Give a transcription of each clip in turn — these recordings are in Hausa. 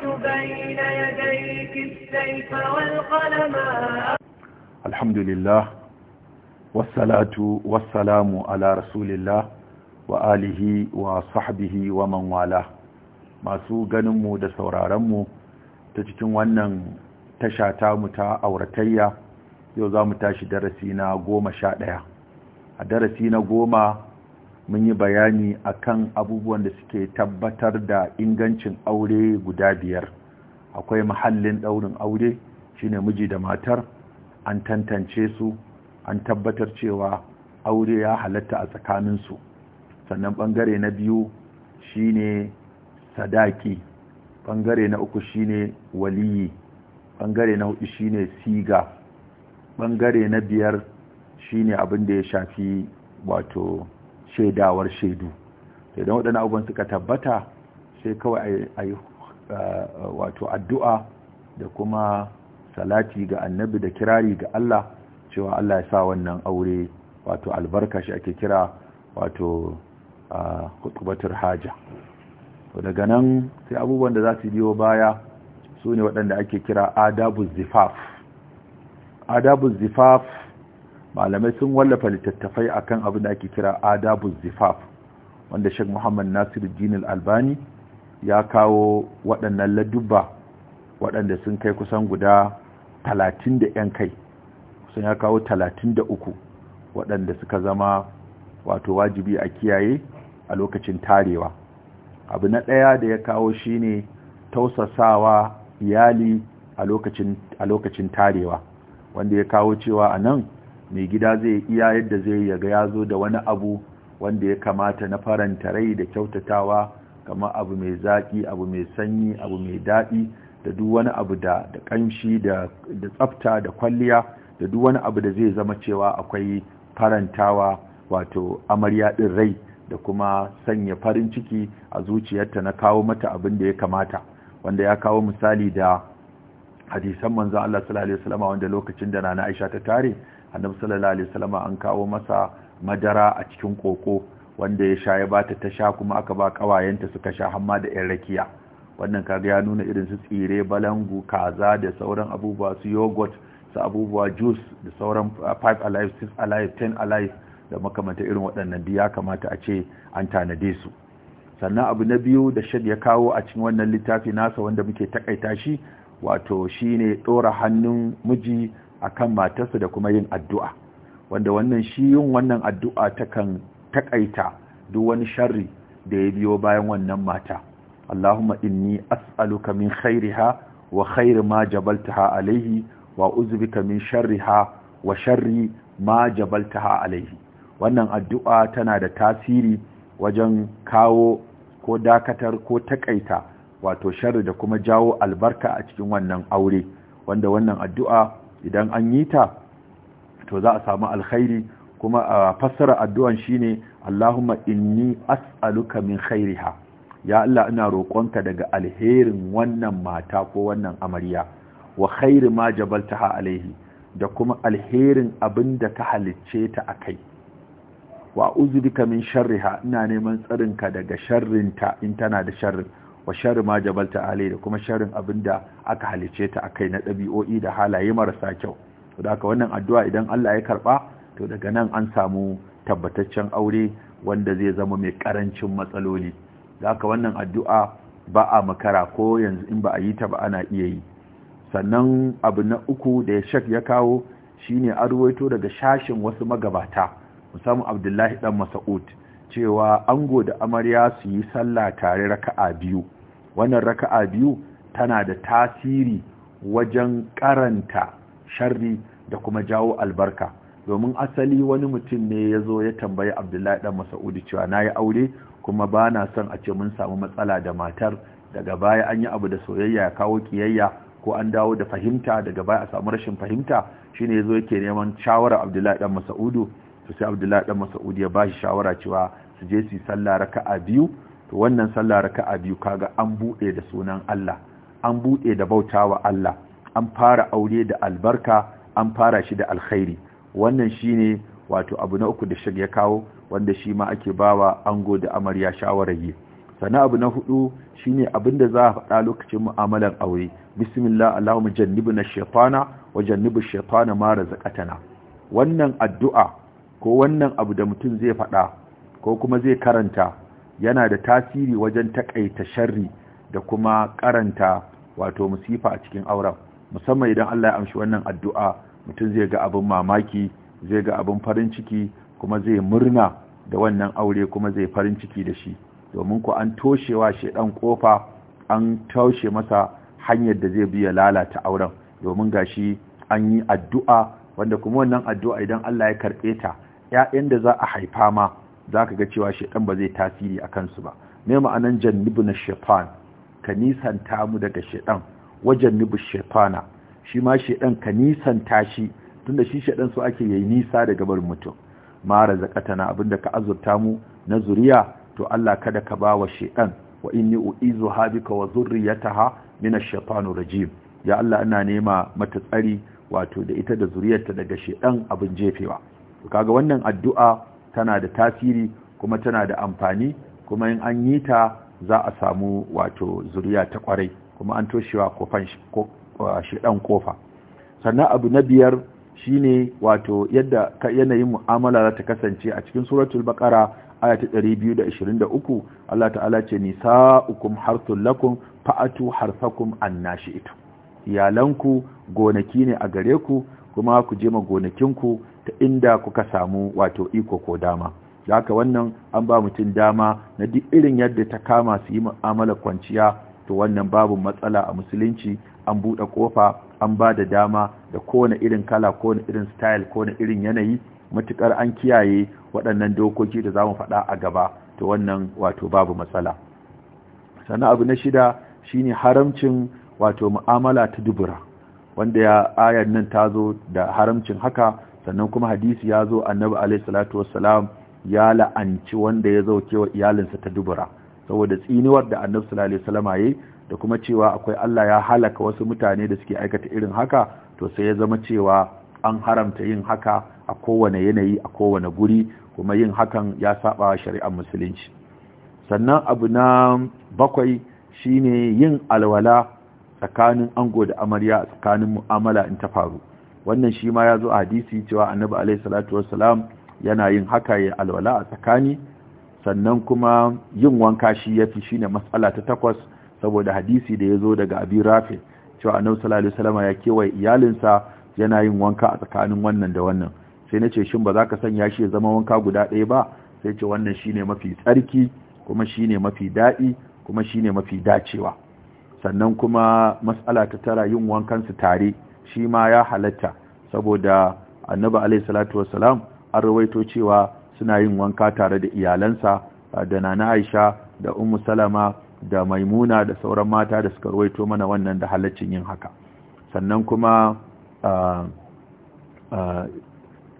بين يديك السيف والقلم الحمد لله wa والسلام على رسول الله وآله وصحبه ومن والاه masu ganinmu da sauraronmu ta cikin wannan tasha mu ta auratayya yau za mu tashi darasi na goma sha ɗaya a darasi na goma mun yi bayani akan abubuwan da suke tabbatar da ingancin aure guda biyar akwai mahallin ɗaurin aure shine miji da matar an tantance su an tabbatar cewa aure ya halatta a tsakaninsu sannan ɓangare na biyu shine sadaki ɓangare na uku shine waliyi ɓangare na hudu shine siga ɓangare na biyar shine abin da ya shafi wato shaidawar shaidu idan waɗanda abubuwan suka tabbata sai kawai a yi wato addu'a da kuma salati ga annabi da kirari ga Allah cewa Allah ya sa wannan aure wato albarka shi ake kira wato kutubatar haja daga nan sai abubuwan da za su biyo baya su ne waɗanda ake kira adabu zifaf adabu zifaf malamai sun wallafa littattafai akan abin da ake kira Adabu zifaf wanda shek Muhammad nasiru Al-Albani ya kawo waɗannan ladubba waɗanda sun kai kusan guda 30 da 'yan kai sun ya kawo uku, waɗanda suka zama wato wajibi a kiyaye a lokacin tarewa abu na ɗaya da ya kawo shine tausasawa iyali a lokacin tarewa wanda ya kawo cewa a nan mai gida zai iya yadda zai yaga ya zo da wani abu wanda ya kamata na faranta rai da kyautatawa kama abu mai zaƙi abu mai sanyi abu mai daɗi da duk wani abu da da da tsafta da kwalliya da duk wani abu da zai zama cewa akwai farantawa wato amarya ɗin rai da kuma sanya farin ciki a zuciyarta na kawo mata abin da ya kamata wanda ya kawo misali da hadisan manzon Allah sallallahu alaihi wasallam wanda lokacin da Nana Aisha ta tare annabi sallallahu alaihi wasallam an kawo masa madara a cikin koko wanda ya sha ya bata ta sha kuma aka ba kawayenta suka sha hamma da yan rakiya wannan kaga ya nuna irin su tsire balangu kaza da sauran abubuwa su yogurt su abubuwa juice da sauran 5 alive 6 alive 10 alive da makamanta irin waɗannan ya kamata a ce an tanade su sannan abu na biyu da shan ya kawo a cikin wannan littafi nasa wanda muke takaita shi wato shine ɗora hannun miji akan matarsa da kuma yin addu'a wanda wannan shi yin wannan addu'a takan taƙaita duk wani sharri da ya biyo bayan wannan mata Allahumma inni as'aluka min khairiha wa khairi ma jabaltaha alaihi wa uzubika min sharriha wa sharri ma jabaltaha alaihi wannan addu'a tana da tasiri wajen kawo ko dakatar ko taƙaita wato sharri da kuma jawo albarka a cikin wannan aure wanda wannan addu'a idan an yi ta to za a samu alkhairi kuma a fassara addu'an shine Allahumma inni as'aluka min khairiha ya Allah ina roƙonka daga alherin wannan mata ko wannan amarya wa khairi ma jabaltaha alaihi da kuma alherin abin da ka halicce ta akai wa uzubika min sharriha ina neman tsarinka daga sharrinta in tana da sharrin wa sharri ma jabalta alai da kuma sharrin abinda aka halice ta akai na dabi'o'i da halaye marasa kyau to da wannan addu'a idan Allah ya karba to daga nan an samu tabbataccen aure wanda zai zama mai karancin matsaloli da wannan addu'a ba a makara ko yanzu in ba a yi ta ba ana iya yi sannan abu na uku da ya shak ya kawo shine arwaito daga shashin wasu magabata musamman Abdullahi dan Mas'ud cewa ango da amarya su yi sallah tare raka'a biyu wannan raka'a biyu tana da tasiri wajen karanta sharri da kuma jawo albarka domin asali wani mutum ne ya zo ya tambayi abdullahi dan masaudi cewa na yi aure kuma ba na son a ce mun samu matsala da matar daga baya an yi abu da soyayya ya kawo kiyayya ko an dawo da fahimta daga baya a samu rashin fahimta shine ya zo yake neman shawarar abdullahi dan masaudu to sai abdullahi dan mas'ud ya bashi shawara cewa su je su sallah raka'a biyu to wannan sallah raka'a biyu kaga an bude da sunan Allah an bude da bautawa Allah an fara aure da albarka an fara shi da alkhairi wannan shine wato abu na uku da shig ya kawo wanda shi ma ake bawa ango da amarya shawarar yi sana abu na hudu shine abinda za a faɗa lokacin mu'amalar aure bismillah allahumma jannibna shaytana wa jannibish shaytana ma razaqatana wannan addu'a ko wannan abu da mutum zai faɗa ko kuma zai karanta yana da tasiri wajen takaita sharri da kuma karanta wato musifa a cikin auren musamman idan Allah ya amshi wannan addu'a mutum zai ga abin mamaki zai ga abin farin ciki kuma zai murna da wannan aure kuma zai farin ciki da shi domin ku an toshewa shedan kofa an taushe masa hanyar da zai biya lalata auren domin gashi an yi addu'a wanda kuma wannan addu'a idan Allah ya karɓe ta Ya'yan da za a haifa ma za ka ga cewa shaitan ba zai tasiri a kansu ba me ma'anan jannibu na shaitan ka nisanta mu daga shaitan wajen nibu shaitana shi ma shaitan ka nisanta shi tunda shi shaitan so ake yayi nisa daga barin mutum ma abin abinda ka azurta mu na zuriya to Allah kada ka bawa shaitan wa inni u'izu habika wa zurriyataha min ash-shaytanir rajim ya Allah ina nema mata tsari wato da ita da zuriyarta daga shaitan abin jefewa kaga wannan addu'a tana da tasiri kuma tana da amfani kuma in an yi ta za a samu wato zuriya ta kwarai kuma an toshewa kofan dan kofa sannan abu na biyar shine wato yadda yanayin mu'amala za ta kasance a cikin suratul baqara aya ta 223 Allah ta'ala ce nisa'ukum harthul lakum fa'atu harthakum annashi'tu iyalanku gonaki ne a gare ku kuma ku je ma gonakin ku ta inda kuka samu wato iko ko dama da haka wannan an ba mutum dama na duk irin yadda ta kama su yi mu'amalar kwanciya to wannan babu matsala a musulunci an buɗe ƙofa an ba da dama da kowane irin kala kowane irin style kowane irin yanayi matukar an kiyaye waɗannan dokoki da za mu faɗa a gaba to wannan wato babu matsala sannan abu na shida shine haramcin wato mu'amala ta dubura wanda ya ayar nan ta zo da haramcin haka sannan kuma hadisi ya zo annabi alaihi wassalam ya la'anci wanda ya zauke wa iyalinsa ta dubura saboda tsiniwar da annabi sallallahu alaihi wasallam yayi da kuma cewa akwai Allah ya halaka wasu mutane da suke aikata irin haka to sai ya zama cewa an haramta yin haka a kowane yanayi a kowane guri kuma yin hakan ya saba shari'ar musulunci sannan abu na bakwai shine yin alwala tsakanin ango da amarya tsakanin mu'amala in ta faru wannan shi ma ya zo a hadisi cewa annabi alaihi salatu wassalam yana yin haka ya alwala a tsakani sannan kuma yin wanka shi yafi shine matsala ta takwas saboda hadisi da ya zo daga abi rafi cewa annabi sallallahu alaihi wasallam ya kewaye iyalinsa yana yin wanka a tsakanin wannan da wannan sai na ce shin ba za ka sanya shi ya zama wanka guda ɗaya ba sai ce wannan shine mafi tsarki kuma shine mafi daɗi kuma shine mafi dacewa sannan kuma matsala ta tara yin wankansu tare shi ma ya halatta saboda annabi alaihi salatu wassalam an rawaito cewa suna yin wanka tare da iyalansa da nana Aisha da Ummu Salama da Maimuna da sauran mata da suka rawaito mana wannan da halaccin yin haka sannan kuma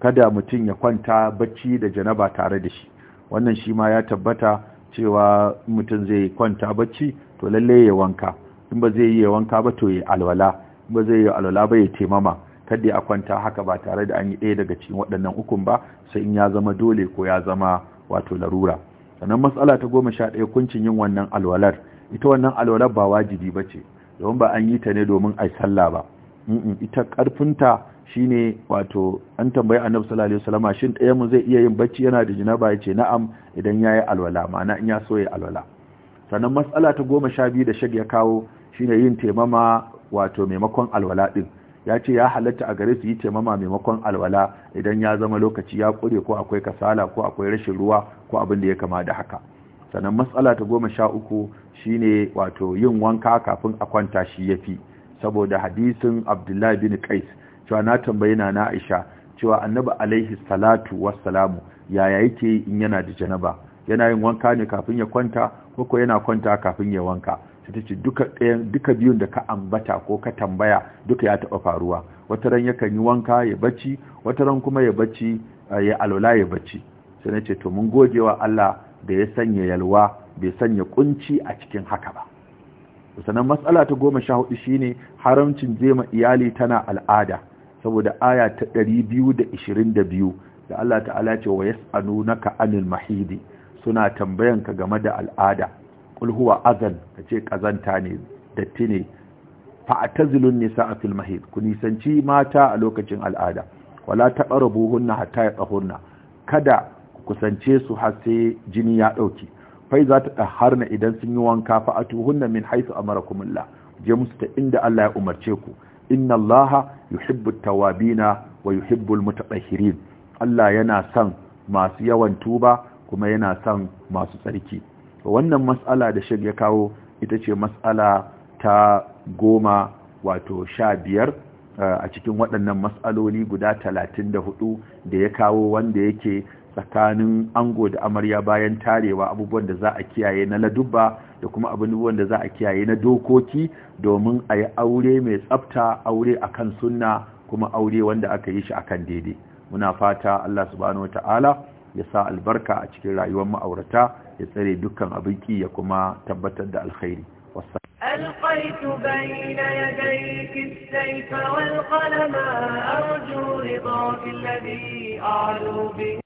kada mutum ya kwanta bacci da janaba tare da shi wannan shi ma ya tabbata cewa mutum zai kwanta bacci to lallai ya wanka in ba zai yi wanka ba to ya alwala ba zai yi alwala ba ya taimama kada ya kwanta haka ba tare da an yi ɗaya daga cikin waɗannan ukun ba sai in ya zama dole ko ya zama wato larura sannan matsala ta goma sha ɗaya kuncin yin wannan alwalar ita wannan alwalar ba wajibi ba ce domin ba an yi ta ne domin a sallah ba ita ƙarfinta shine wato an tambayi annabi sallallahu alaihi wasallam shin ɗaya mu zai iya yin bacci yana da jinaba ya ce na'am idan yayi alwala ma'ana in ya so ya alwala sannan matsala ta goma sha biyu da shag ya kawo shine yin taimama wato maimakon alwala din ya ce ya halatta a gare su yi taimama maimakon alwala idan ya zama lokaci ya kure ko akwai kasala ko akwai rashin ruwa ko abin da ya kama da haka sannan matsala ta goma sha uku shine wato yin wanka kafin a kwanta shi ya fi saboda hadisin abdullahi bin kais cewa na tambayi na aisha cewa annabi alaihi salatu wassalamu yaya yake in yana da janaba yana yin wanka ne kafin ya kwanta ko yana kwanta kafin ya wanka ita ce duka biyun da ka ambata ko ka tambaya duka ya taɓa faruwa wata ran yakan yi wanka ya bacci wata ran kuma ya bacci eh, ya alola ya bacci sai na ce to mun wa Allah da ya sanya yalwa bai sanya kunci a cikin haka ba sannan matsala ta goma sha hudu shine haramcin zema iyali tana al'ada saboda aya ta ɗari biyu da ishirin da biyu da Allah ta'ala ce wa yas'alunaka anil mahidi suna tambayanka game da al'ada qul huwa adan ce ƙazanta ne datti ne fa atazilun nisaa fil mahid ku nisanci mata a lokacin al'ada wala taqrabuhunna hatta yatahunna kada ku kusance su har sai jini ya ɗauki. fai za ta harna idan sun yi wanka fa a tuhunna min a amarakumullah je musu ta inda Allah ya umarce ku inna allaha yuhibbu tawabina wa yuhibbu almutatahhirin Allah yana son masu yawan tuba kuma yana son masu tsarki wannan matsala da shan ya kawo ita ce matsala ta goma wato sha biyar eh, a cikin waɗannan matsaloli guda talatin da hudu da ya kawo wanda yake tsakanin ango da amarya bayan tarewa abubuwan da za a kiyaye na ladubba da kuma abubuwan da za a kiyaye na dokoki domin a yi aure mai tsabta aure a kan sunna kuma aure wanda aka yi shi a kan daidai muna fata Allah subhanahu ta'ala. yasa albarka a cikin rayuwar ma'aurata ya tsare dukkan abin ki ya kuma tabbatar da alkhairi ألقيت بين يديك السيف والقلم أرجو رضاك الذي أعلو به